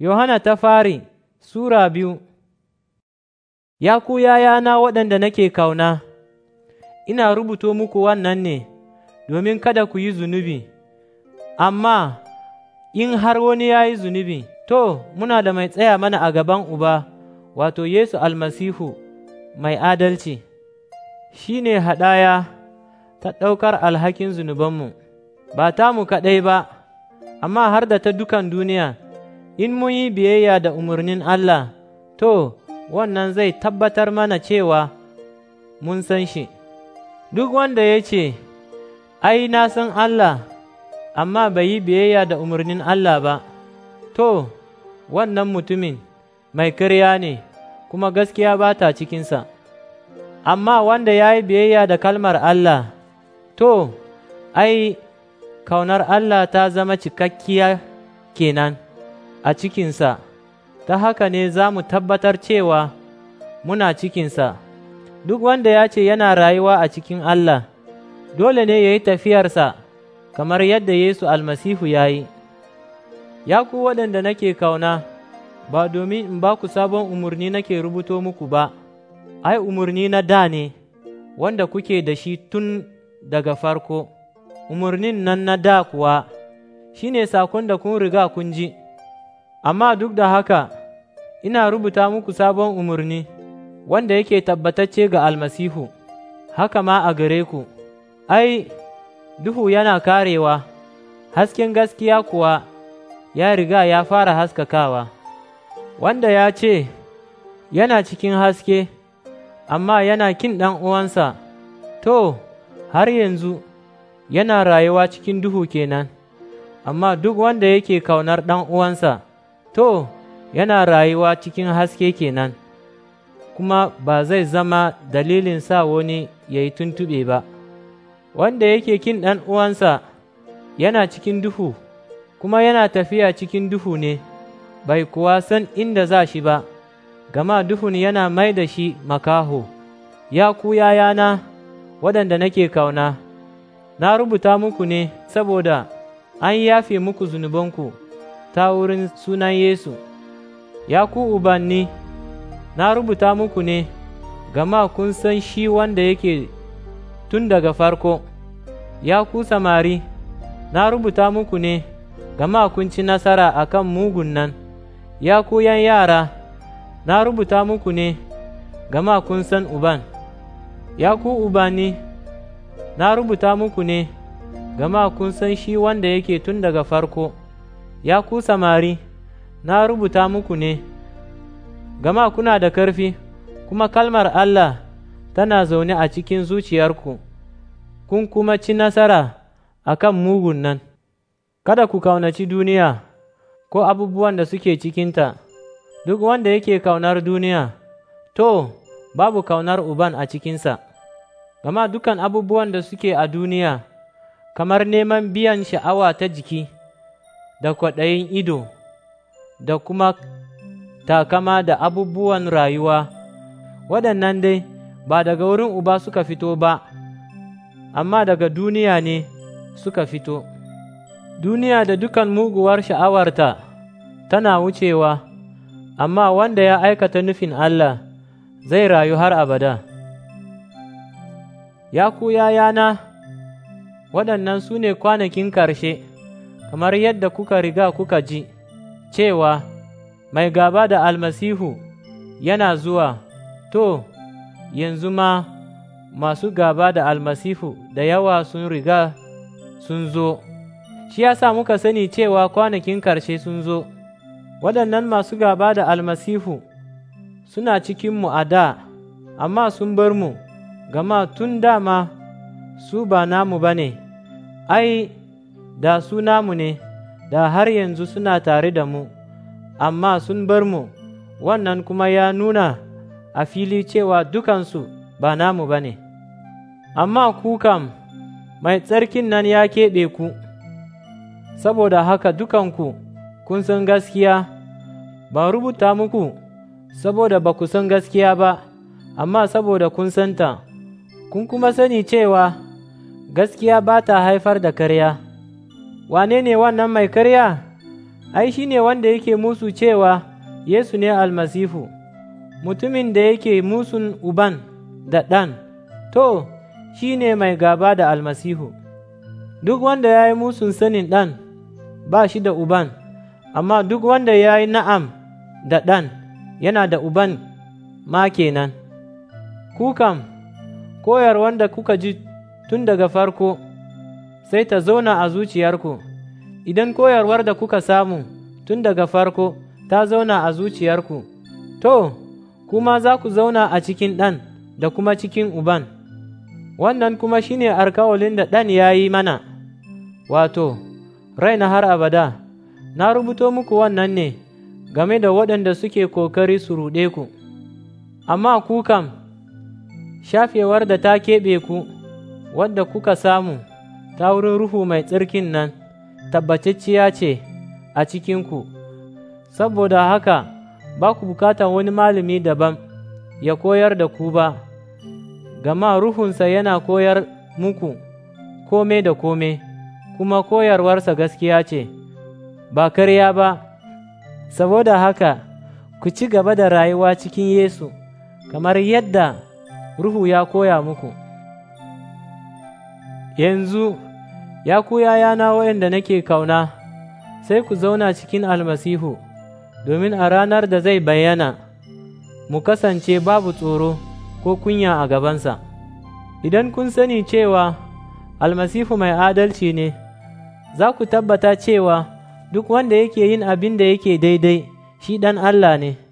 Yohana ta fari Sura biyu Ya ku yayana waɗanda nake kauna, ina rubuto muku wannan ne domin kada ku yi zunubi, amma in har wani ya yi zunubi, to, muna da mai tsaya mana a gaban Uba, wato Yesu almasihu mai adalci, shi ne haɗaya ta ɗaukar alhakin zunubanmu, ba ta mu kaɗai ba, amma har da ta dukan duniya. in mun yi biyayya da umarnin Allah, to, wannan zai tabbatar mana cewa mun san shi. Duk wanda ya ce, Ai, na san Allah, amma bai yi biyayya da umarnin Allah ba, to, wannan mutumin mai karya ne, kuma gaskiya ba ta cikinsa. Amma wanda ya yi biyayya da kalmar Allah, to, ai, kaunar Allah ta zama cikakkiya kenan. a cikinsa, ta haka ne za mu tabbatar cewa muna cikinsa, duk wanda ya ce yana rayuwa a cikin Allah, dole ne ya yi tafiyarsa kamar yadda Yesu almasihu ya yi. Ya ku waɗanda nake kauna, ba domin in ba ku sabon umarni nake rubuto muku ba, ai umarni na da ne, wanda kuke da shi tun daga farko, umarnin nan na da kuwa, shi ne sakon da kun riga kun ji. amma duk da haka ina rubuta muku sabon umarni wanda yake tabbatacce ga almasihu, haka ma a gare ku, ai, duhu yana karewa, hasken gaskiya kuwa ya riga ya fara haskakawa, wanda ya ce yana cikin haske, amma yana kin ɗan uwansa, to, har yanzu yana rayuwa cikin duhu kenan, amma duk wanda yake kaunar ɗan uwansa. to, yana rayuwa cikin haske kenan, kuma ba zai zama dalilin sa wani ya yi tuntuɓe ba, wanda yake kin ɗan uwansa yana cikin duhu, kuma yana tafiya cikin duhu ne, bai kuwa san inda za shi ba, gama duhun yana mai da shi makaho, ya ku yayana waɗanda nake kauna, na rubuta muku ne saboda an yafe muku zunubanku. ta wurin sunan Yesu, ya ku ubanni, na rubuta muku ne, gama kun san shi wanda yake tun daga farko, ya ku samari, na rubuta muku ne, gama kun ci nasara a kan mugun nan, ya ku yan yara, na rubuta muku ne, gama kun san uban, ya ku ubanni, na rubuta muku ne, gama kun san shi wanda yake tun daga farko. ya ku samari, na rubuta muku ne, gama kuna da ƙarfi, kuma kalmar Allah tana zaune a cikin zuciyarku, kun kuma ci nasara a kan mugun nan. Kada ku kaunaci duniya ko abubuwan da suke cikinta, duk wanda yake kaunar duniya, to, babu kaunar Uban a cikinsa, gama dukan abubuwan da suke a duniya, kamar neman biyan sha'awa ta jiki. da kwaɗayin ido, da kuma takama da abubuwan rayuwa, waɗannan dai ba daga wurin Uba suka fito ba, amma daga duniya ne suka fito. Duniya da dukan muguwar sha'awarta tana wucewa, amma wanda ya aikata nufin Allah zai rayu har abada. Ya ku yayana, waɗannan su ne kwanakin ƙarshe. kamar yadda kuka riga kuka ji, cewa mai gaba da almasihu yana zuwa, to, yanzu ma masu gaba da almasihu da yawa sun riga sun zo, shi yasa muka sani cewa kwanakin karshe sun zo, waɗannan masu gaba da almasihu suna cikinmu a da, amma sun bar mu, gama tun dama su ba namu ba ne, ai, da su namu ne, da har yanzu suna tare da mu, amma sun bar mu, wannan kuma ya nuna a fili cewa dukansu ba namu ba ne. Amma ku kam, mai tsarkin nan ya keɓe ku, saboda haka dukanku kun san gaskiya, ba rubuta muku saboda ba ku san gaskiya ba, amma saboda kun santa, kun kuma sani cewa gaskiya ba ta haifar da karya. wane ne wannan mai karya? Ai, shi ne wanda yake musu cewa Yesu ne almasifu, mutumin da yake musun uban da ɗan, to, shi ne mai gaba da almasihu. Duk wanda ya yi musun sanin ɗan, ba shi da uban, amma duk wanda ya yi na'am da ɗan, yana da uban ma kenan. kukan koyar wanda kuka ji tun daga farko. sai ta zauna a zuciyarku, idan koyarwar da kuka samu tun daga farko ta zauna a zuciyarku, to, kuma za ku zauna a cikin ɗan da kuma cikin uban, wannan kuma shine alkawalin da ɗan ya yi mana, wato, raina har abada, na rubuto muku wannan ne game da waɗanda suke kokari su ruɗe ku, amma ku kam, shafewar da ta keɓe ku, wadda kuka samu. ta wurin Ruhu mai tsirkin nan tabbatacciya ce a cikinku, saboda haka ba ku bukatan wani malami daban ya koyar da ku ba, gama Ruhunsa yana koyar muku kome da kome, kuma koyarwarsa gaskiya ce, ba karya ba, saboda haka ku ci gaba da rayuwa cikin Yesu, kamar yadda Ruhu ya koya muku. Yanzu, ya ku yayana waɗanda nake kauna, sai ku zauna cikin almasihu, domin a ranar da zai bayyana, mu kasance babu tsoro ko kunya a gabansa. Idan kun sani cewa almasihu mai adalci ne, za ku tabbata cewa duk wanda yake yin abin da yake daidai, shi ɗan Allah ne.